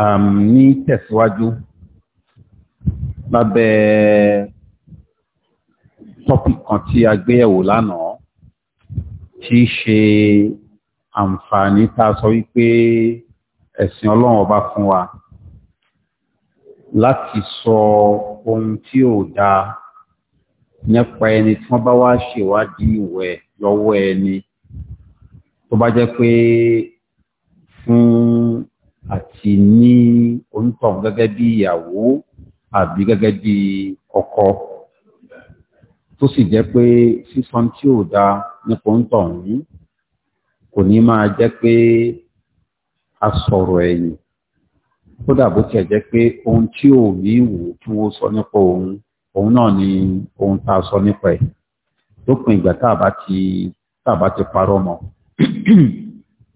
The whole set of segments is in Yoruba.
Um, ní tẹ̀síwájú lábẹ́ tọ́pì kan tí a gbéyẹ̀wò lánàá tí í ṣe àǹfààní tá sọ wípé ẹ̀sìn ọlọ́run ọba fún wa láti sọ ohun tí ò dáa nípa ẹni tí wọ́n bá wá ṣèwádìí ìwẹ̀ lọ́wọ́ ẹni tó bá jẹ́ pé fún àti ní onítọ̀hún gẹ́gẹ́ bí ìyàwó àbí gẹ́gẹ́ bí ọkọ tó sì jẹ́ pé sísan tí ò da nípa onítọ̀hún kò ní máa jẹ́ pé a sọ̀rọ̀ ẹ̀yìn kódà bó tiẹ̀ jẹ́ pé ohun tí ò ní wò tí wọ́n sọ nípa òun òun náà ni ohun tá a sọ nípa ẹ̀ lópin ìgbà tá a bá ti tá a bá ti parọ́ mọ́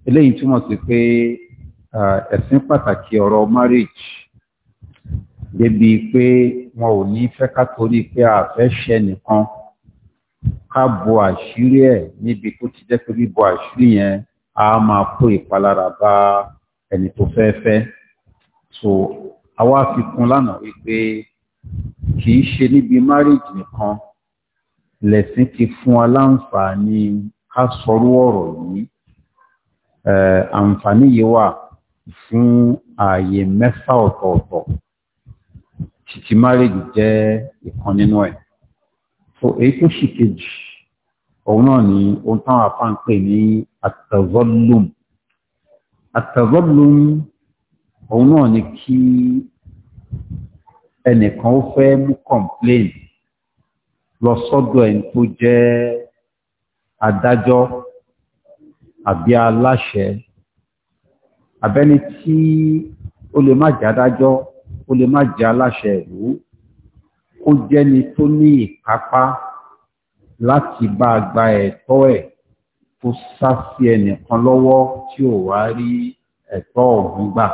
eléyìí túmọ̀ sí pé Eh, ẹ̀sìn pàtàkì ọ̀rọ̀ marriage débi pé wọn ò ní fẹ́ ká torí pé a fẹ́ ṣẹ nìkan ká bo àṣírí ẹ̀ níbi tó ti jẹ́ pé bíbo àṣírí yẹn a máa kó ìpalára bá ẹni tó fẹ́ fẹ́ so àwa fi kún lánàá wípé kì í ṣe níbi marriage nìkan lẹ̀sìn ti fún wa láǹfààní ká sọrú ọ̀rọ̀ yìí eh, àǹfààní yìí wà fún ààyè mẹ́fà ọ̀tọ̀ọ̀tọ̀ títí márèjì jẹ́ ìkan nínú ẹ̀ so èyí tó sì kejì òun náà ni ohun táwọn afá ń pè ní atazọ́lùm atazọ́lùm òun náà ni kí ẹnìkan ó fẹ́ mú complain lọ sọ́dọ̀ ẹni tó jẹ́ adájọ́ àbí aláṣẹ àbẹ́ni tí ó lè má jẹ́ adájọ́ ó lè má jẹ́ aláṣẹ ìlú ó jẹ́ni tó ní ìkápá láti bá gba ẹ̀tọ́ ẹ̀ tó sá sí ẹnìkan lọ́wọ́ tí ò wá rí ẹ̀tọ́ ọ̀hún gbà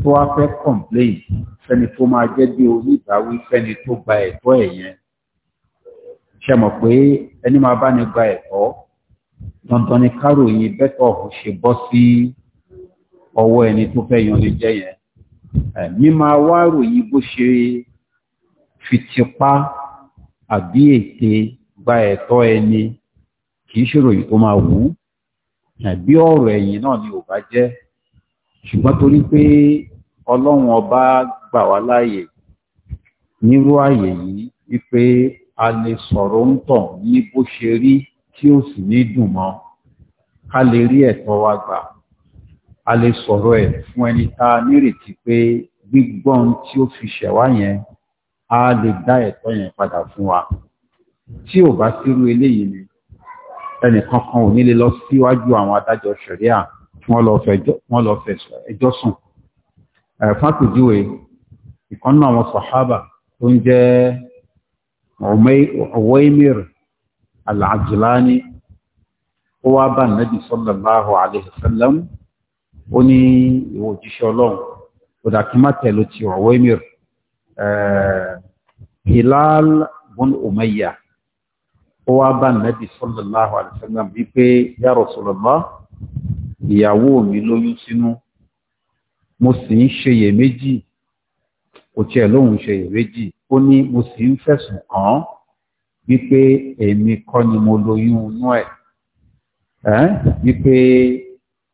tó wá fẹ́ complain fẹ́ni tó máa jẹ́ bí oníbàáwí fẹ́ni tó gba ẹ̀tọ́ ẹ̀ yẹn ṣe mọ̀ pé ẹni máa bá ní gba ẹ̀tọ́ dandan ni káròyìn bẹ́tọ̀ ṣe bọ́ sí ọwọ́ ẹni tó fẹ́ yan lè jẹ́ yẹn mímọ wá ròyìn bó ṣe fi àbí ète gba ẹ̀tọ́ ẹni kìí ṣèròyìn tó máa wù ú ọ̀rọ̀ ẹ̀yìn náà ni ò bá jẹ́ ṣùgbọ́n torí pé ọlọ́run ọba gbà wá àyè yìí wípé a lè sọ̀rọ̀ ń tàn ní tí ó sì ní dùn mọ́ ká lè rí ẹ̀tọ́ wa gbà a lè sọ̀rọ̀ ẹ̀ fún ẹni tá a nírètí pé gbígbọ́n tí ó fi ṣẹ̀wá yẹn a lè dá ẹ̀tọ́ yẹn padà fún wa tí ò bá sírú eléyìí ni ẹnìkan kan ò ní lọ síwájú àwọn adájọ́ ṣẹ̀ríà tí wọ́n lọ fẹ̀sọ̀ ẹjọ́ sùn fàkùjúwe ìkan àwọn sàhábà tó ń jẹ́ ọ̀wẹ́mìrì al-Ajlani ó wá bá nàbì sallallahu alayhi wa sallam ó ní ìwò òjíṣẹ́ ọlọ́run kò dà kí má tẹ̀lé ti Uwaymir eh, Hilal bun Umayya ó wá bá nàbì sallallahu alayhi wa sallam wípé ya Rasulullah ìyàwó mi lóyún sínú mo sì ń ṣeyèméjì kò tiẹ̀ lóhùn ṣeyèméjì ó ní mo sì ń fẹ̀sùn kàn án wípé èmi kọ́ ni mo lóyún inú ẹ̀ wípé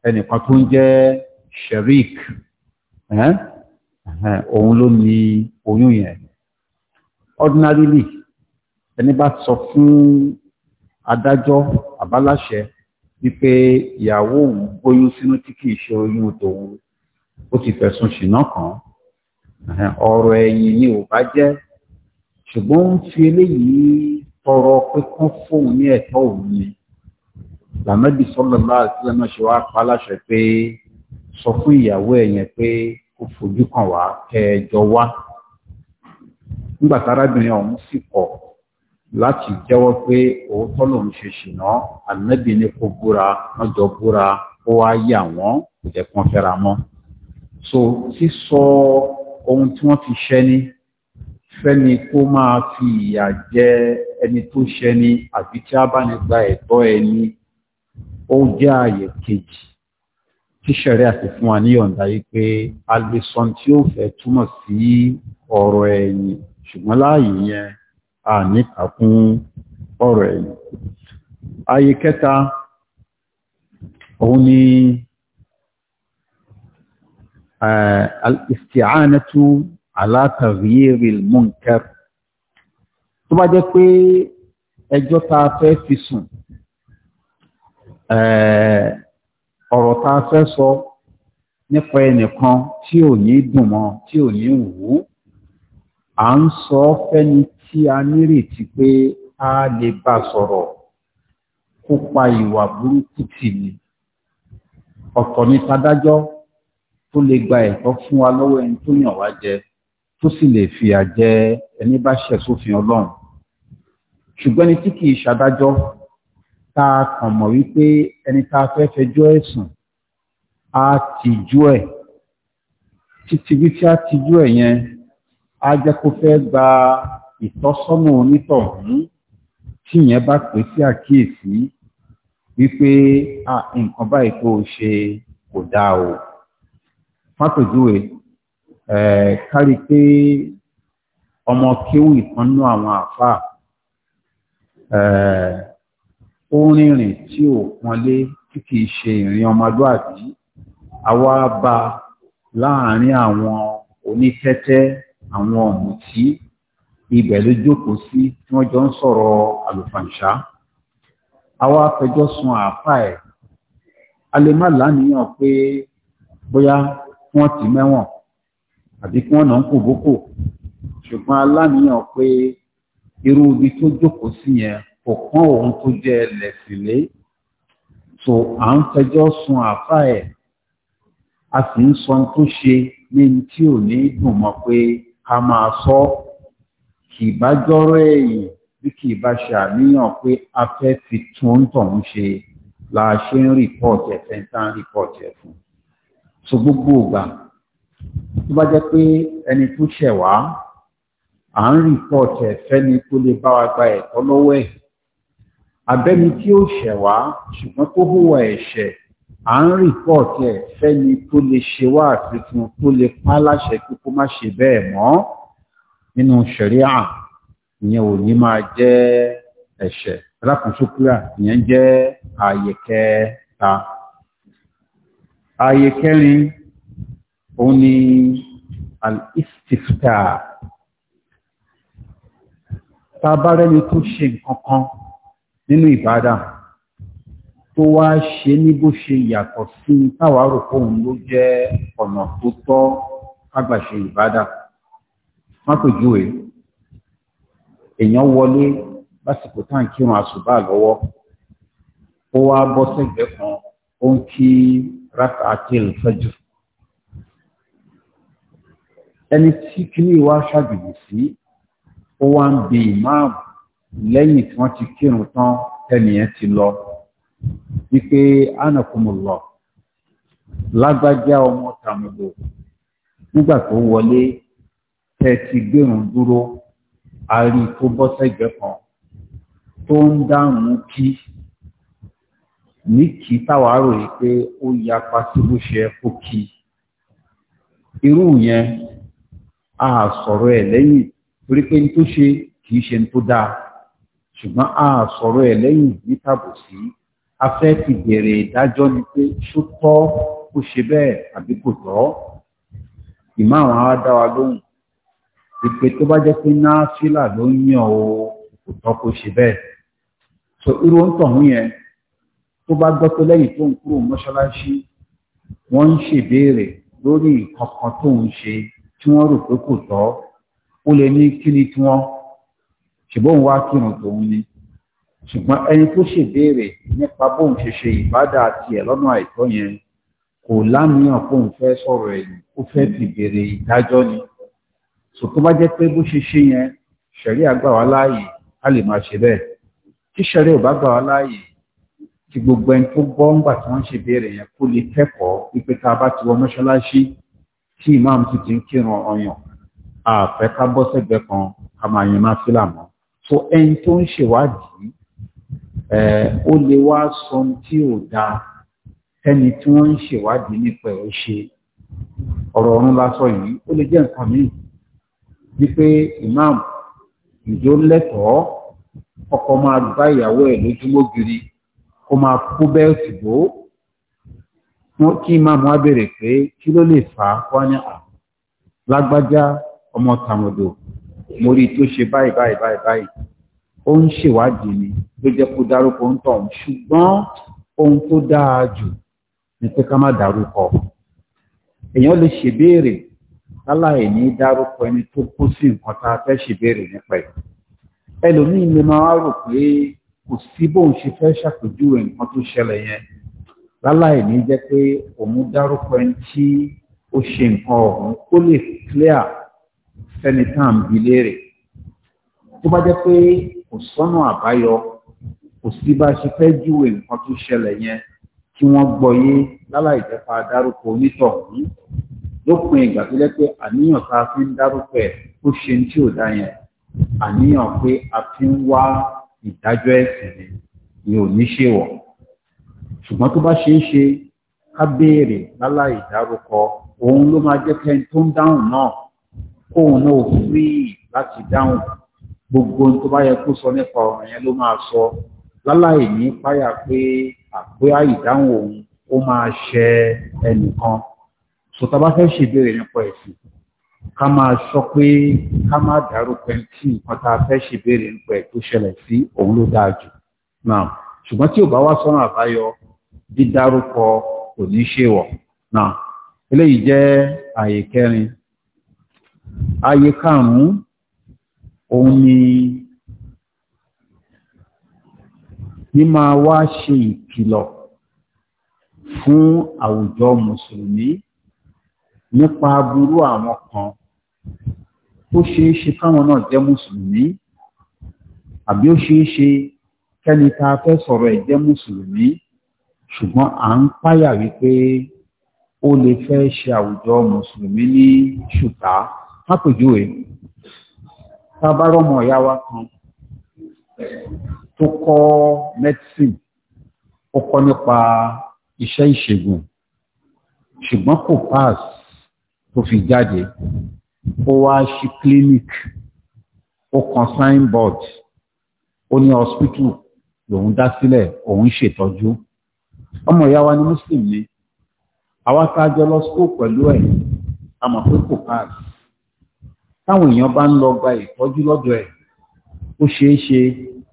ẹnìkan tó ń jẹ́ sherik òun ló ní oyún yẹn ordinarily ẹni bá sọ fún adájọ́ àbáláṣẹ wípé ìyàwó òun gbóyún sínú tí kìí ṣe oyún tòun ó ti fẹ̀sùn ṣìnà kàn ọ̀rọ̀ ẹ̀yìn ni ò bá jẹ́ ṣùgbọ́n ó ń fi eléyìí tọrọ pé fóun ní ẹ̀tọ́ òun ni làmẹ́bí sallallahu alaihi wasallam ṣe wá pa láṣẹ pé sọ fún ìyàwó ẹ̀ yẹn pé kó fojú kan wá kẹjọ wá nígbà tárábìnrin ọ̀hún sì kọ̀ láti jẹ́wọ́ pé òótọ́ lòun ṣe ṣìnà ànábì ní kó búra wọ́n jọ búra ó wá yà wọ́n kò jẹ́ kán fẹ́ra mọ́ so sísọ ohun tí wọ́n ti ṣẹ́ ní fẹ́ni kó máa fi ìyà jẹ ẹni tó ṣẹni àbí tí a bá ní gba ẹ̀tọ́ ẹni ó jẹ́ ààyè kejì tí ṣẹ̀rẹ́ àti fún wa níyọ̀ǹda yìí pé a tí ó fẹ́ túmọ̀ sí ọ̀rọ̀ ẹ̀yìn ṣùgbọ́n láàyè yẹn a ní kàkún ọ̀rọ̀ ẹ̀yìn ààyè kẹta òun ni eh, al alátàríyèrèl munkar tó bá jẹ́ pé ẹjọ́ ta fẹ́ fi sùn eh, ọ̀rọ̀ ta fẹ́ sọ nípa ẹnìkan tí ò ní dùn tí ò ní wù ú ń sọ fẹ́ni tí a nírètí pé a lè bá sọ̀rọ̀ kópa ìwà burúkú tì ní ọ̀tọ̀ ní tadájọ́ tó lè gba ẹ̀tọ́ fún wa lọ́wọ́ ẹni tó yàn wá jẹ tó sì lè fìyà jẹ ẹni bá ṣẹ̀ sófin ọlọ́run ṣùgbọ́n ẹni tí kì í ṣadájọ́ tá a kàn mọ̀ wípé ẹni tá a fẹ́ fẹjọ́ ẹ̀sùn á tìjú ẹ̀ títí bí tí a tìjú ẹ̀ yẹn á jẹ́ kó fẹ́ gba ìtọ́sọ́nà onítọ̀hún tí yẹn bá pè sí àkíyèsí wípé nǹkan báyìí tó ṣe kò dáa o fàpèjúwe kárí pé ọmọ kéwù ìkannú àwọn àfà ó rìnrìn tí ò pọnlé tí kìí ṣe ìrìn ọmọlúàbí àwa bá láàárín àwọn onítẹ́tẹ́ àwọn ọ̀mùtí ibẹ̀ ló jókòó sí tí wọ́n jọ ń sọ̀rọ̀ àlùfàǹṣá àwa fẹjọ́ sun àáfà ẹ̀ a lè má láníyàn pé bóyá wọ́n ti mẹ́wọ̀n àbí kí wọ́n nà ń kò bókò ṣùgbọ́n aláníyàn pé irú ibi tó jókòó sí yẹn kò kán òun tó jẹ́ lẹ̀sìlé tó à ń fẹjọ́ sun àfá ẹ̀ a sì ń sọ tó ṣe ní tí ò ní dùn mọ́ pé ká máa sọ kì bá jọ́rọ̀ ẹ̀yìn bí kì bá ṣàníyàn pé a fẹ́ fi tún tọ̀hún ṣe la ṣe ń rìpọ́ọ̀tì ẹ̀fẹ́ ń tán rìpọ́ọ̀tì ẹ̀fún so gbogbo ìgbà tó bá jẹ́ pé ẹni tó ṣẹ̀ wá à ń rìpọ́ọ̀tì ẹ̀fẹ́ ni tó lè bá wa gba ẹ̀tọ́ lọ́wọ́ ẹ̀ abẹ́ni tí ó ṣẹ̀ wá ṣùgbọ́n tó hùwà ẹ̀ṣẹ̀ à ń rìpọ́ọ̀tì ẹ̀fẹ́ ni tó lè ṣe wá àfihàn tó lè pa láṣẹ pé kó má ṣe bẹ́ẹ̀ mọ́ nínú ṣẹ̀ríà ìyẹn ò ní máa jẹ́ ẹ̀ṣẹ̀ alákòóso kúrà ìyẹn jẹ́ ààyè kẹta ààyè kẹrin òun ni al-istifta ta bá rẹ́ni tó ṣe nǹkan kan nínú ìbádà tó wá ṣe ní bó ṣe yàtọ̀ sí táwàárò fóun ló jẹ́ ọ̀nà tó tọ́ kágbàṣe ìbádà mápèjúwe èèyàn wọlé lásìkò tá ń kírun àsùbá lọ́wọ́ ó wá bọ́ sẹ́gbẹ̀ẹ́ kan ó ń kí rákàtì al-fajr ẹni tí kíní wá ṣàgbègbè sí ó wá ń bi ìmáàmù lẹ́yìn tí wọ́n ti kírun tán tẹ́nìyẹn ti lọ wípé ánàkùnmùlọ lágbájá ọmọ tàmùlò nígbà tó wọlé tẹ́ ti gbérùn dúró àrí tó bọ́ sẹ́gbẹ̀ẹ́ kan tó ń dáhùn kí ní kí táwàárò yìí pé ó yapa sí kó kí irú yẹn a sọ̀rọ̀ ẹ̀ lẹ́yìn torí pé n tó ṣe kìí ṣe tó dáa ṣùgbọ́n a sọ̀rọ̀ ẹ̀ lẹ́yìn ní tàbùsí a fẹ́ ti bèèrè ìdájọ́ ni pé ṣó tọ́ kó ṣe bẹ́ẹ̀ àbí kò tọ́ ìmáàrún á dá wa lóhùn ìpè tó bá jẹ́ pé náàfílà ló ń yàn o kò tọ́ kó ṣe bẹ́ẹ̀ so irú ń tọ̀hún yẹn tó bá gbọ́ pé lẹ́yìn tó ń kúrò mọ́ṣáláṣí wọ́n ń ṣèbéèrè lórí nǹkan kan tó ń ṣe tí wọ́n rò pé kò tọ́ ó lè ní kí ni tí wọ́n ṣùgbọ́n wá kírun tòun ni ṣùgbọ́n ẹni tó ṣèbéèrè nípa bóun ṣe ṣe ìbádà tiẹ̀ lọ́nà àìtọ́ yẹn kò lámìíràn fóun fẹ́ sọ̀rọ̀ ẹ̀yìn ó fẹ́ fi béèrè ni sò tó bá jẹ́ pé bó ṣe ṣe yẹn ṣẹ̀rí àgbà wá láàyè a lè máa ṣe bẹ́ẹ̀ tí ṣẹ̀rí ò bá gbà wá láàyè tí gbogbo ẹni tó gbọ́ ńgbà tí wọ́n ṣe yẹn kó lè kẹ́kọ̀ọ́ wípé tá a bá ti wọ mọ́ṣáláṣí tí ìmáàmù sì ti ń kírun ọyàn àfẹ́ ká bọ́ sẹ́gbẹ́ kan ká máa yan máa fílà mọ́ so ẹni tó ń ṣèwádìí ó lè wá sọ tí ò dáa ẹni tí wọ́n ń ṣèwádìí nípa ẹ̀ ṣe ọ̀rọ̀ ọ̀run lásọ yìí ó lè jẹ́ nǹkan míì wípé ìmáàmù ìjó lẹ́tọ̀ọ́ ọkọ máa gbá ìyàwó ẹ̀ lójúmọ́ gírí kó máa kó bẹ́ẹ̀ tìbó wọ́n kí ìmáàmù wá bèèrè pé kí ló lè fà á wá ní àà lágbájá ọmọ tàmọ̀dò mo rí tó ṣe báyìí báyìí báyìí báyìí ó ń ṣèwádìí ni ló jẹ́ kó dárúkọ ń tọ̀hún ṣùgbọ́n ohun tó dáa jù ni pé ká má dárúkọ èèyàn lè ṣèbéèrè láláì ní dárúkọ ẹni tó kó sí nǹkan tá a fẹ́ ṣèbéèrè nípa ẹ̀ ẹlòmíín lè máa rò pé kò sí bóun ṣe fẹ́ ṣàpèjúwe nǹkan tó ṣẹlẹ̀ yẹn láláì ní jẹ́ pé òun dárúkọ ẹni tí ó ṣe nǹkan ọ̀hún kó lè clear fẹ́ni tá à ń bi léèrè tó bá jẹ́ pé kò sọ́nà àbáyọ kò sí bá ṣe fẹ́ júwe nǹkan tó ṣẹlẹ̀ yẹn kí wọ́n gbọ́yé láláì jẹ́ pa dárúkọ onítọ̀hún lópin ìgbà tó jẹ́ pé àníyàn tá a fi ń dárúkọ ẹ̀ ó ṣe ní tí ò dá yẹn àníyàn pé a fi ń wá ìdájọ́ ẹ̀sìn ni ò ní ṣèwọ̀n. ṣùgbọ́n tó bá ṣe é ṣe ká béèrè láláì dárúkọ òun ló máa jẹ́ tó ń dáhùn náà kóun náà láti dáhùn gbogbo tó bá yẹ kó sọ nípa ọ̀ràn yẹn ló máa sọ láláì ní páyà pé àpé àìdáhùn òun ó máa ṣẹ ẹnìkan bá fẹ́ nípa ẹ̀sìn ká máa sọ pé ká dárúkọ ẹni tí nǹkan tá a fẹ́ nípa dídárúkọ kò ní ṣèwọ̀ náà eléyìí jẹ́ àyè kẹrin àyè karùn-ún òun ni mímá wá ṣe ìkìlọ̀ fún àwùjọ mùsùlùmí nípa aburú àwọn kan ó ṣeé ṣe káwọn náà jẹ́ mùsùlùmí àbí ó ṣeé ṣe kẹ́ni tá fẹ́ sọ̀rọ̀ ẹ̀ jẹ́ mùsùlùmí ṣùgbọ́n à ń páyà wípé ó lè fẹ́ ṣe àwùjọ mùsùlùmí ní ṣùtá pápèjúwe tábárọ́mọ ìyá wa kan tó kọ́ medicine ó kọ́ nípa iṣẹ́ ìṣègùn ṣùgbọ́n kò pass tó fi jáde ó wá sí clinic ó kan signboard ó ní hospital lòun dá sílẹ̀ òun ṣètọ́jú. ọmọ ìyá wa ni muslim ni àwa tá a jọ lọ school pẹ̀lú ẹ̀ a mọ̀ pé kò káàdì táwọn èèyàn bá ń lọ gba ìtọ́jú lọ́dọ̀ ẹ̀ ó ṣeé ṣe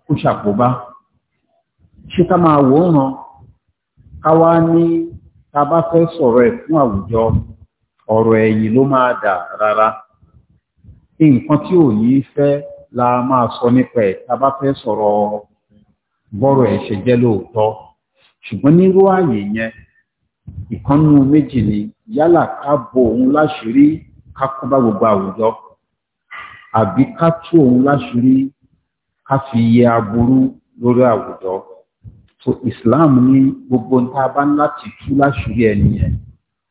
kó ṣàkóbá ṣé ká máa wò ó ràn ní ta bá fẹ́ àwùjọ ọ̀rọ̀ ẹ̀yìn ló máa tí ò la máa sọ nípa ẹ̀ ta bá fẹ́ sọ̀rọ̀ ṣùgbọ́n nírú ààyè yẹn ìkànnú méjì ni yálà ká bo òun láṣìírí ká kó bá gbogbo àwùjọ àbí ká tú òun láṣìírí ká fi yẹ aburú lórí àwùjọ so Islam ní gbogbo ń ta bá ń láti tú láṣìírí ẹni yẹn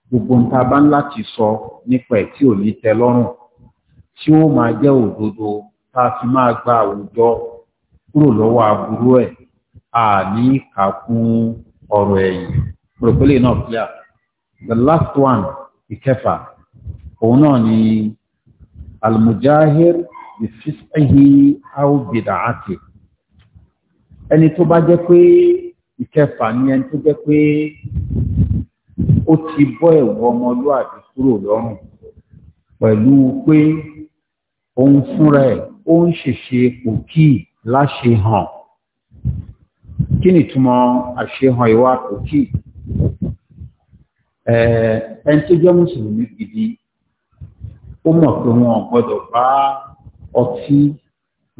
gbogbo ń ta bá ń láti sọ nípa ẹ̀ tí ò ní tẹ́ lọ́rùn tí ó máa jẹ́ òdodo tá a fi máa gba àwùjọ kúrò lọ́wọ́ aburú ẹ̀ a ní kà ọrụ ọ̀rọ̀ ẹ̀yìn pòròpélè náà clear the last one ìkẹfà òun náà ni almujahir bi fisihi aw ẹni tó bá jẹ́ pé ìkẹfà ni ẹni tó jẹ́ pé ó ti bọ́ ẹ̀wọ̀ ọmọlúwàbí kúrò lọ́rùn pẹ̀lú pé kí ni túmọ̀ àṣehàn ìwà òkì ẹni tó jẹ́ mùsùlùmí gidi ó mọ̀ pé wọn gbọ́dọ̀ bá ọtí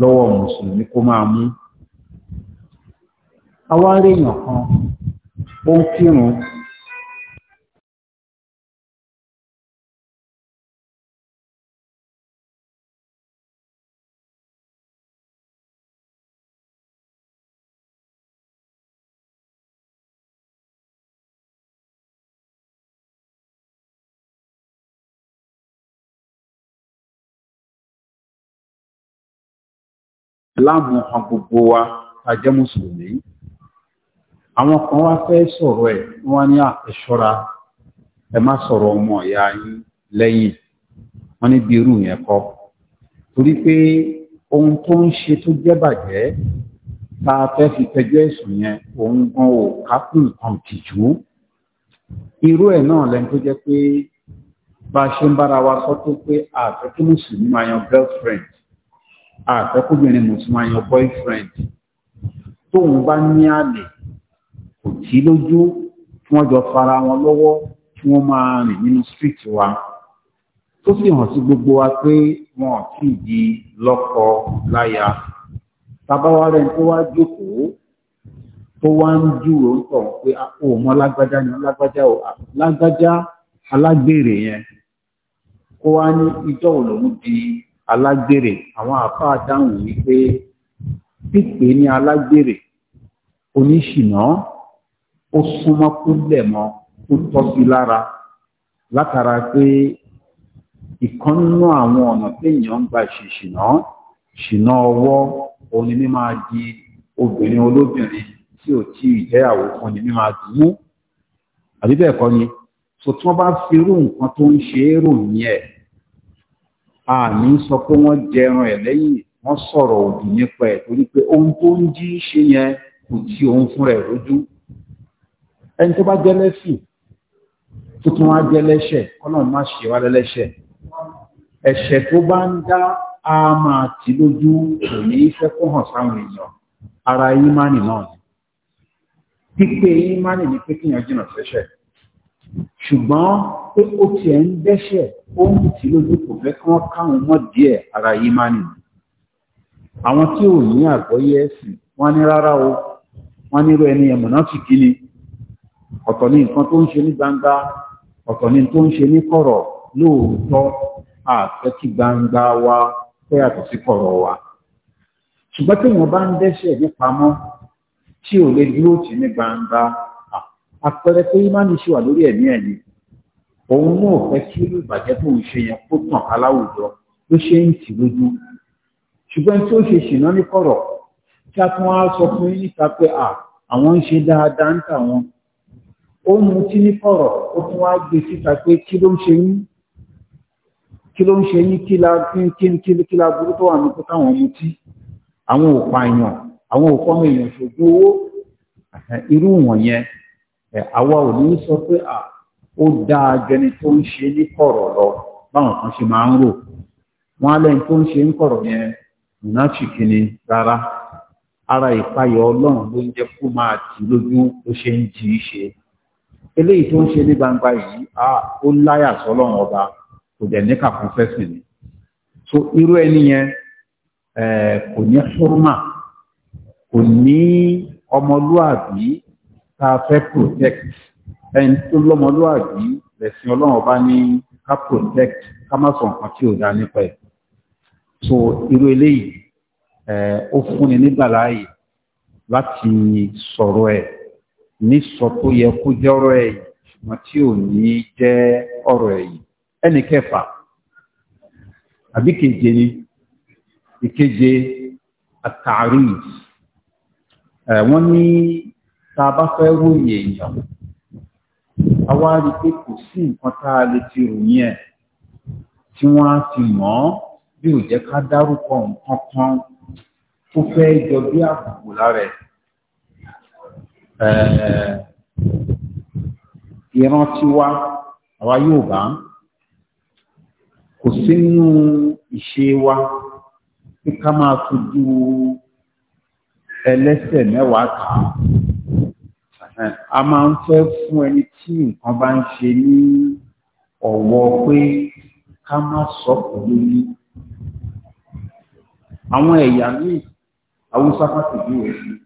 lọ́wọ́ mùsùlùmí kó máa mú àwa rí èèyàn kan ó ń kírun láàmú han gbogbo wa ta jẹ́ mùsùlùmí àwọn kan wá fẹ́ sọ̀rọ̀ ẹ̀ wọ́n ní àtẹ̀ṣọ́ra ẹ má sọ̀rọ̀ ọmọ ìyá yín lẹ́yìn wọ́n ní bí irú yẹn kọ́ torí pé ohun tó ń ṣe tó jẹ́ bàjẹ́ tá a fẹ́ fi tẹjọ́ ẹ̀sùn yẹn òun gan ò kápùn nǹkan tìjú irú ẹ̀ náà lẹ́nu tó jẹ́ pé bá a ṣe ń bára wa sọ pé àfẹ́kí mùsùlùmí máa yan girlfriend àfẹ́kùnrin mùsùlùmá yan boyfriend tóun bá ní àlè kò tí lójú tí wọ́n jọ fara wọn lọ́wọ́ tí wọ́n máa rìn nínú street wa tó sì hàn sí gbogbo wa pé wọn ò tí ì di lọ́kọ láya tabawa rẹ̀ tó wá jókòó tó wá ń júwèé ń tọ̀ pé ó mọ lágbájá ni lágbájá o lágbájá alágbèrè yẹn kó wá ní ìjọ́ òun di alágbèrè àwọn àfáà dáhùn wípé pípé ní alágbèrè oníṣìná ó súnmọ́ kó lẹ̀ mọ́ kó tọ́ sí lára látara pé ìkan nínú àwọn ọ̀nà téèyàn ń gba ṣìṣìná ṣìná ọwọ́ òun ni mímá di obìnrin olóbìnrin tí ò tí ì jẹ́yàwó fún ni mímá dùnú àbí bẹ́ẹ̀ kọ́ ni so tí wọ́n bá fi irú nǹkan tó ń ṣe é rò ní àmì ń sọ pé wọ́n jẹran ẹ̀ lẹ́yìn wọ́n sọ̀rọ̀ òdì nípa ẹ̀ torí pé ohun tó ń jí ṣe yẹn kò tí òun fúnra ẹ̀ lójú ẹni tó bá jẹ́ lẹ́sìn tó tún wá jẹ́ lẹ́ṣẹ̀ kọ́nà má ṣe wá lẹ́lẹ́ṣẹ̀ ẹ̀ṣẹ̀ tó bá ń dá a máa tì lójú kò ní í fẹ́ kó hàn sáwọn èèyàn ara ìmánì náà ni pípé ìmánì ni pé kíyàn jìnnà sẹ́ṣẹ̀ ṣùgbọ́n pé ó tiẹ̀ ń dẹ́ṣẹ̀ ó ń tì lójú kò fẹ́ kí wọ́n káwọn mọ́ díẹ̀ ara yìí má nìyí àwọn tí ò ní àgbọ́yé ẹ̀sìn wọ́n ní rárá o wọ́n nírú ẹni ẹ̀mọ̀nà ti kí ni ọ̀tọ̀ ní nǹkan tó ń ṣe ní gbangba ọ̀tọ̀ ní tó ń ṣe ní kọ̀rọ̀ lóòótọ́ àfẹ́kí gbangba wa fẹ́ yàtọ̀ sí kọ̀rọ̀ wa ṣùgbọ́n tí wọ́n bá ń dẹ́ṣẹ̀ ní tí ò lè dúró tì ní gbangba àpẹẹrẹ pé ìmáàmù ṣì wà lórí ẹ̀mí ẹ̀ ni òun náà fẹ́ kí irú ìbàjẹ́ tó ń ṣe yẹn kó tàn aláwùjọ ló ṣe ń tì lójú ṣùgbọ́n tí ó ṣe ṣìnà ní kọ̀rọ̀ tí a tún wá sọ fún yín níta pé à àwọn ń ṣe dáadáa ń tà wọn ó mu tí ní kọ̀rọ̀ ó tún wá gbé síta pé kí ló ń ṣe yín kí ló ń ṣe yín kí la kí kí kí la burú tó wà ní kó táwọn mu tí àwọn ò pààyàn àwọn ò kọ́ ọmọ èèyàn ṣògbó owó irú wọ̀nyẹn àwa ò ní sọ pé ó dáa jẹni tó ń ṣe ní kọ̀rọ̀ lọ báwọn kan ṣe máa ń rò wọn alẹ́ tó ń ṣe ń kọ̀rọ̀ yẹn ara ìpayọ̀ ọlọ́run ló ń jẹ́ kó máa tì lójú ó ṣe ń jì í ṣe eléyìí tó ń ṣe ní gbangba yìí ó láyà sọ́lọ́run ọba kò dẹ̀ ní so irú ẹni yẹn kò ní kò ní ọmọlúàbí tá a fẹ́ protect ẹni tó lọ́mọlúwàbí lẹ̀sìn ọlọ́run ọba ní ká protect ká má sọ nǹkan tí ò dá nípa ẹ̀ so irú eléyìí ó fúnni nígbà láàyè láti sọ̀rọ̀ ẹ̀ ní sọ tó yẹ kó jẹ́ ọ̀rọ̀ ẹ̀ ṣùgbọ́n tí ò ní jẹ́ ọ̀rọ̀ ẹ̀ yìí ẹnì kẹfà àbí keje ni ìkeje àtàrí wọ́n ní tá a bá fẹ́ ròyìn èèyàn a wá rí pé kò sí nǹkan tá a lè ti ròyìn ẹ̀ tí wọ́n á fi mọ̀ bí ò jẹ́ ká dárúkọ nǹkan kan tó fẹ́ jọ bí àbùkù lára ẹ̀ ìran tiwa àwa yóò bá kò sínú ìṣe wa pé ká máa fojú ẹlẹ́sẹ̀ mẹ́wàá kà a máa ń fẹ́ fún ẹni tí nǹkan bá ń ṣe ní ọ̀wọ́ pé ká má sọ́kù lórí àwọn ẹ̀yà míì haúsá pàtàkì rẹ̀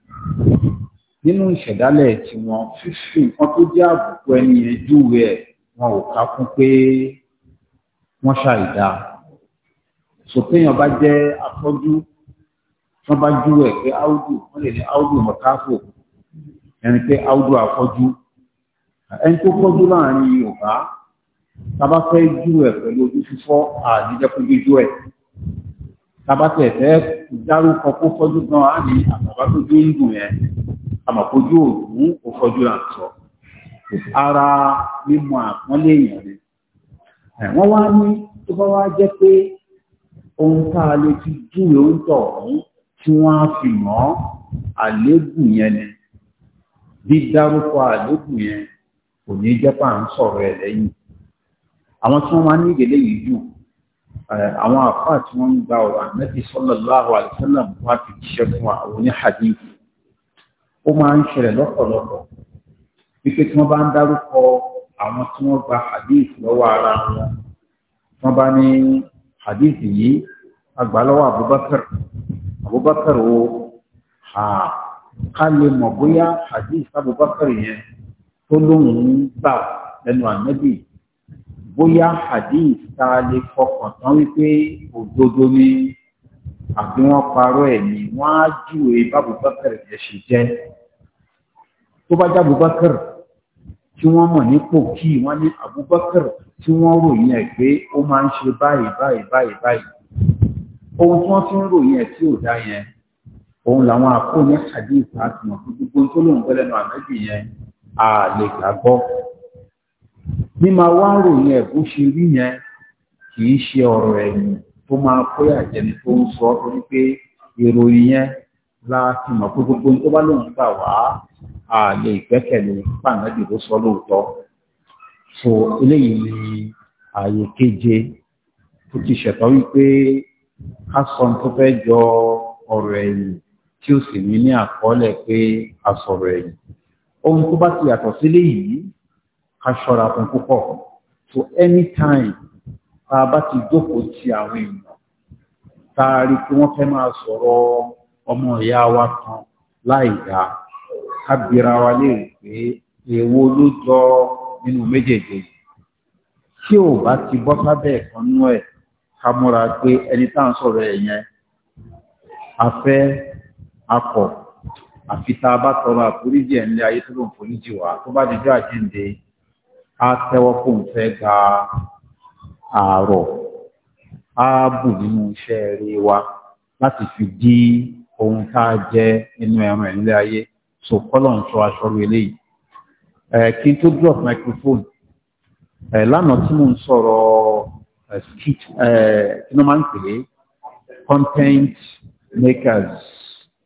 nínú ìṣẹ̀dálẹ̀ tí wọ́n fífi nǹkan tó jẹ́ àbùkù ẹni yẹn júwe ẹ̀ wọn ò ká kún pé wọ́n ṣàìdá sòkéèyàn bá jẹ́ afọ́jú wọ́n bá júwe ẹ̀ pé áùdù wọ́n lè ní áùdù mọ̀káfò ẹni pé áwùdó àfọ́jú ẹni tó fọ́jú láàrin Yorùbá tábà fẹ́ jú ẹ̀ pẹ̀lú ojú fífọ́ àdídẹ́kúndójú ẹ̀ tábà tẹ̀ fẹ́ dárúkọ kó fọ́jú gan á ní àbàbá tó dé ìlú yẹn àmọ̀kójú òògùn kó fọ́jú là ń sọ ara mímọ àpọ́nlé èèyàn ni wọ́n wá ní tó bá wá jẹ́ pé ohun tá a lè fi júwe oúnjẹ ọ̀hún tí wọ́n á fi mọ́ àléébù yẹn ni dídárúkọ àlékù yẹn kò ní jẹ́ pà ń sọ̀rọ̀ ẹ̀ lẹ́yìn àwọn tí wọ́n máa ní ìdílé yìí jù àwọn àfáà tí wọ́n ń gba ọ̀rọ̀ sallallahu alaihi wasallam fi jíṣẹ́ fún àwọn hadith ó máa ń ṣẹlẹ̀ lọ́pọ̀lọpọ̀ wípé tí wọ́n bá gba hadith lọ́wọ́ ara wọn wọ́n bá ní Abubakar Abubakar ká lè mọ̀ bóyá hadith Abubakar yẹn tó lóhùn ń gbà lẹ́nu ànábì bóyá hadith tá a lè fọkàn tán wípé òdodo ni àbí wọ́n parọ́ ẹ̀ ni wọ́n á júwe bábùbákar yẹn ṣe jẹ́ tó bá jábùbákar tí wọ́n mọ̀ nípò kí wọ́n ní àbúbákar tí wọ́n ròyìn ẹ̀ pé ó máa ń ṣe báyìí báyìí báyìí báyìí ohun tí wọ́n fi ń ròyìn ẹ̀ tí ò dá yẹn òun làwọn àkó ní hadith àtìmọ̀ fún gbogbo tó lóun pẹ́lẹ́ nu àmẹ́bí yẹn a lè gbàgbọ́. ní máa wá ròyìn ẹ̀ bó ṣe rí yẹn kì í ṣe ọ̀rọ̀ ẹ̀yìn tó máa kó àjẹni tó ń sọ ọ́ torí pé ìròyìn yẹn láti mọ̀ pé gbogbo tó bá lóun gbà wá a lè gbẹ́kẹ̀lé pàmẹ́bí tó sọ lóòótọ́. so eléyìí ni ààyè keje tó ti ṣẹ̀tọ́ wípé ká sọ tó fẹ́ jọ ọ̀rọ̀ ẹ̀yìn tí ó sì ní ní àkọọ́lẹ̀ pé a sọ̀rọ̀ ẹ̀yìn ohun tó bá ti yàtọ̀ sílé yìí ká ṣọ́ra fún púpọ̀ so anytime tá a bá ti jókòó ti àwọn èèyàn tá a rí i pé wọ́n fẹ́ máa sọ̀rọ̀ ọmọ ìyá wa kan láì dá ká bira wa léèrè pé èwo ló jọ nínú méjèèjì tí ò bá ti bọ́ sábẹ́ ẹ̀kan nú ẹ̀ ká múra pé ẹni tá à ń sọ̀rọ̀ ẹ̀yẹn a fẹ́ akọ̀ àfitá bá tọrọ àforíjì ẹ̀lẹ́ ayé tó lòun foríjì wá tó bá dìjọ́ àjíǹde á tẹ́wọ́ fẹ́ ga àárọ̀ bù nínú iṣẹ́ wa láti fi dí ohun tá a jẹ nínú ẹran ayé so kọ́lọ̀ ń sọ aṣọ eléyìí kí n tó drop microphone lánàá tí mò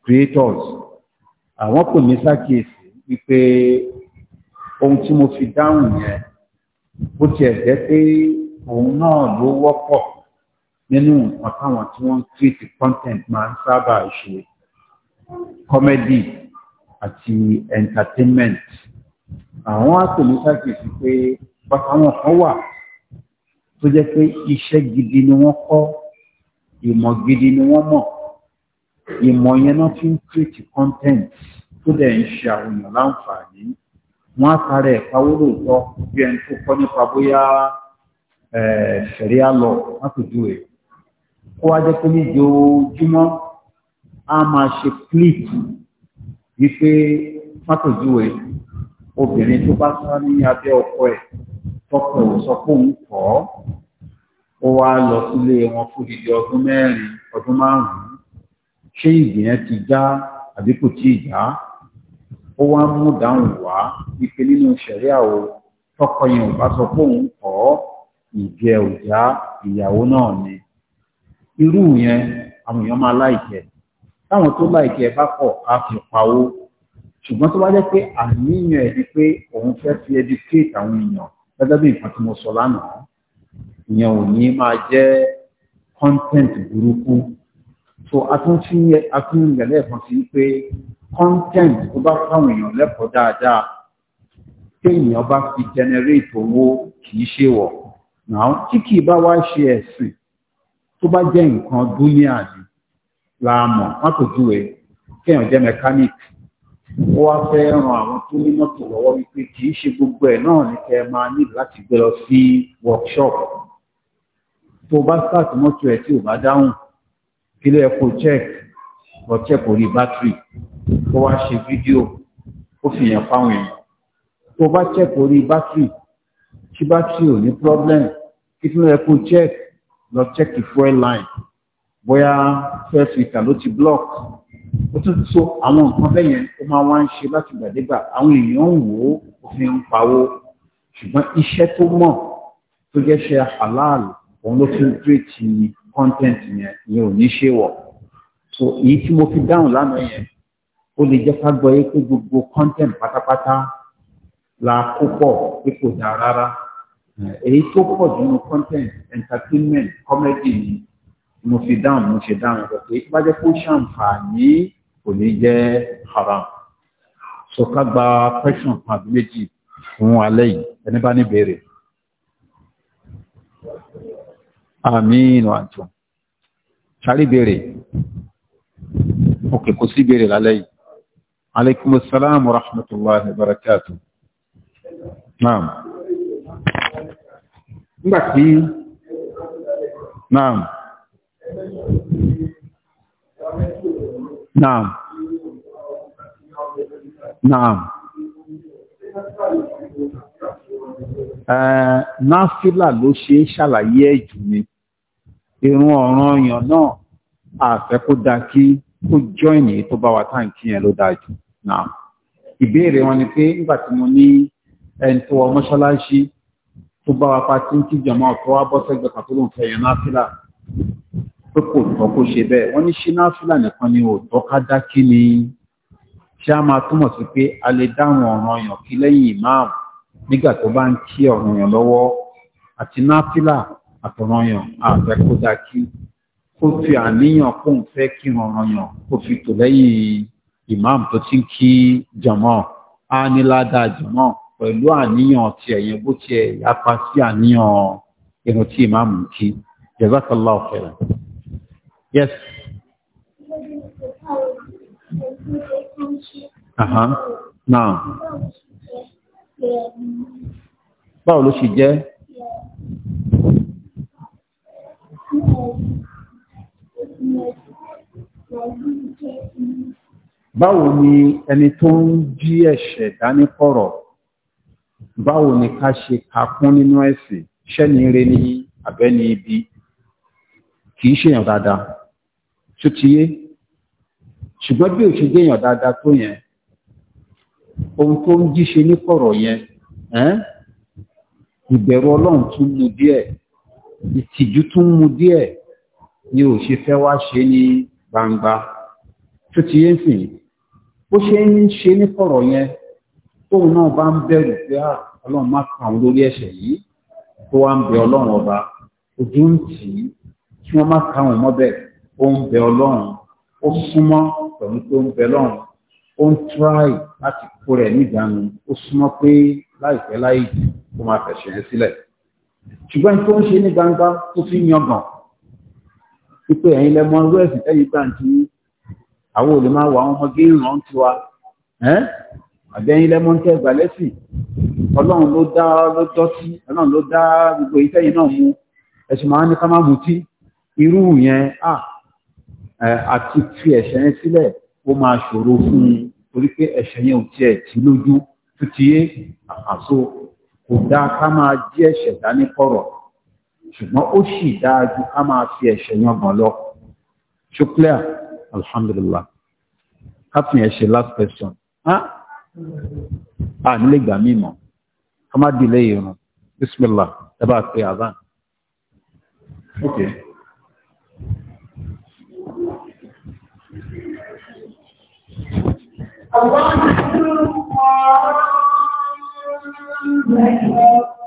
creators àwọn kò ní ṣàkíyèsí wípé ohun tí mo fi dáhùn yẹn bó tiẹ̀ jẹ́ pé òun náà ló wọ́pọ̀ nínú nǹkan táwọn tí wọ́n ń create content máa ń sábà ṣe comedy àti entertainment àwọn àtòlú ṣàkíyèsí pé bàtà wọn kan wà tó jẹ́ pé iṣẹ́ gidi ni wọ́n kọ́ ìmọ̀ gidi ni wọ́n mọ̀ ìmọ̀ yẹn náà fi ń create content tó dẹ̀ ń ṣe àwọn èèyàn láǹfààní wọ́n á tara ẹ̀ pawó lóòótọ́ bí ẹni tó kọ́ nípa bóyá ṣẹ̀ríà lọ látòjú ẹ̀ kó wá jẹ́ pé níjojúmọ́ á máa ṣe clip wípé látòjú ẹ̀ obìnrin tó bá sá ní abẹ́ ọkọ ẹ̀ tọkọ ò sọ pé òun kọ́ ó wá lọ sílé wọn fún ìdí ọdún mẹ́rin ọdún márùn-ún ṣé ìgbìn yẹn ti já àbí kò tí ì já ó wá mú dáhùn wá wípé nínú ṣẹ̀ríà o tọkọ yẹn ò bá sọ pé òun kọ́ ìjẹ ò já ìyàwó náà ni irú yẹn àwọn èèyàn máa láìkẹ táwọn tó láìkẹ bá kọ̀ á fi pawó ṣùgbọ́n tó bá jẹ́ pé àníyàn ẹ̀ ni pé òun fẹ́ fi educate àwọn èèyàn gẹ́gẹ́ bí nǹkan tí mo sọ lánàá ìyẹn ò ní máa jẹ́ content burúkú so atúnṣí atúnyẹ̀ lẹ́ẹ̀kan sí pé content tó bá fáwọn èèyàn lẹ́kọ̀ọ́ dáadáa téèyàn bá fi generate owó kì í ṣe wọ̀ náà tí kì bá wá ṣe ẹ̀sìn tó bá jẹ́ nǹkan dúníà ni la mọ̀ má kò júwe kéèyàn jẹ́ mechanic ó wá fẹ́ ran àwọn tó ní mọ́tò lọ́wọ́ wípé kì ṣe gbogbo ẹ̀ náà ní kẹ́ máa nílò láti gbé lọ sí workshop tó bá start mọ́tò ẹ̀ tí ò bá dáhùn kílẹ̀ ẹ̀kọ́ check lọ check orí bátìrì kó wá ṣe fídíò ó fi yàn fáwọn èèyàn tó bá check orí bátìrì tí bátìrì ò ní problem kílẹ̀ ẹ̀kọ́ check lọ check fuel line bóyá first week ló ti block ó tún so àwọn nǹkan bẹ́ẹ̀ yẹn ó máa wá ń ṣe láti gbàdégbà àwọn èèyàn ń wò ó òfin ń pawó ṣùgbọ́n iṣẹ́ tó mọ̀ tó jẹ́ ṣe halal òun ló fi ń dúró ti content yẹn ìyẹn ò ní ṣe wọ̀ so èyí tí mo fi dáhùn lánàá yẹn ó lè jẹ́ ká gbọ́ yé pé gbogbo content pátápátá la kó pọ̀ pé kò dáa rárá èyí tó pọ̀ jù nínú content entertainment comedy ni mo fi dáhùn mo ṣe dáhùn rẹ̀ pé bá jẹ́ kó ṣàǹfààní kò ní jẹ́ haram so ká gba question kan àbí méjì fún alẹ́ yìí ẹni bá ní béèrè àmín àjọ sáré béèrè òkè kò sí béèrè lálẹ́ yìí alaikumus salam wa rahmatullahi wa barakatuh naam nígbàtí naam naam naam eh, náfílà ló ṣe ṣàlàyé ẹ̀jù ni irun ọ̀ràn ọyàn náà àfẹ́ kó da kí kó join èyí tó bá wa táǹkì yẹn ló dáa jù náà ìbéèrè wọn ni pé nígbà tí mo ní ẹni tó wọ mọ́ṣáláṣí tó bá wa pa tí ń kíjọmọ ọ̀tọ̀ wá bọ́ sẹ́gbẹ̀ẹ́ kan tó ló fẹ́ yan náfìlà pé kò tọ́ kó ṣe bẹ́ẹ̀ wọ́n ní ṣé náfìlà nìkan ni ò tọ́ ká dá kí ni ṣé a máa túmọ̀ sí pé a lè dáhùn ọ̀ràn ọyàn kí lẹ́yìn ìmáàmù nígbà tó bá ń kí ọ̀ràn ọyàn lọ́wọ́ àti náfìlà àtọ̀ranyàn àfẹ́ kó dá kí kó fi àníyàn kó ń fẹ́ kí ọ̀ranyàn kó fi tò lẹ́yìn imam tó ti ń kí jọmọ́ á ní ládàá jọmọ́ pẹ̀lú àníyàn ti ẹ̀yẹn bó ti ẹ̀ yapa sí àníyàn irun tí imam ń kí jazakallahu khairan. yes. Uh-huh. now. báwo ló ṣe jẹ́? Báwo ni ẹni tó ń jí ẹ̀ṣẹ̀ dání kọ̀rọ̀? Báwo ni ká ṣe kakún nínú ẹ̀sìn? Ṣẹ́ni ire ní àbẹ́ni ibi? Kìí ṣèyàn dáadáa. Ṣó ti yé? Ṣùgbọ́n bí ò ṣe jẹ́yàn dáadáa tó yẹn, ohun tó ń jí ṣe ní kọ̀rọ̀ yẹn, ìbẹ̀rù Ọlọ́run tún mú díẹ̀. ìtìjú tún mú díẹ̀ ni ò ṣe fẹ́ wá ṣe ní gbangba tó ti yé sì bó ṣe ń ṣe ní kọ̀rọ̀ yẹn tóun náà bá ń bẹ̀rù pé ah, ọlọ́run má kà wọn lórí ẹ̀ṣẹ̀ yìí tó wá ń bẹ ọlọ́run ọba ojú ń tì í kí wọ́n má kà wọn mọ́bẹ̀ ó ń bẹ ọlọ́run ó súnmọ́ pẹ̀lú tó ń bẹ ọlọ́run ó ń tíráì láti kó rẹ̀ nígbàánu ó súnmọ́ pé láìpẹ́ láì kó máa fẹ̀ṣẹ̀ yẹn sílẹ̀ ṣùgbọ́n tó ń ṣe ní gbangba tó fi yangàn wípé ẹ̀yin lẹ mọ irú ẹ̀sìn tẹ́yìn gbàǹtí àwọn olè máa wà àwọn ọmọge ìràn tí wa àbẹ́yìn lẹ́mọ́ ń tẹ́gbà lẹ́sìn ọlọ́run ló dá ló dọ́tí ọlọ́run ló dá gbogbo ìtẹ́yìn náà mú ẹ̀sùn máa ní ká má mutí irú yẹn àti fi ẹ̀ṣẹ̀ yẹn sílẹ̀ ó máa ṣòro fún un torí pé ẹ̀ṣẹ̀ yẹn ò tiẹ̀ tí lójú tó ti yé àkàso kò dáa ká máa jí ẹ̀ṣẹ̀ dání kọ̀rọ̀ ṣùgbọ́n ó sì dáa ju ká máa fi ẹ̀ṣẹ̀ yangàn lọ ṣúklẹ́à alhamdulillah káfíń ẹ̀ṣẹ̀ last question a nílé ìgbà mímọ́ ká má dìlé ìrun bismillah ẹ bá pe azan. Okay. Allah Thank you.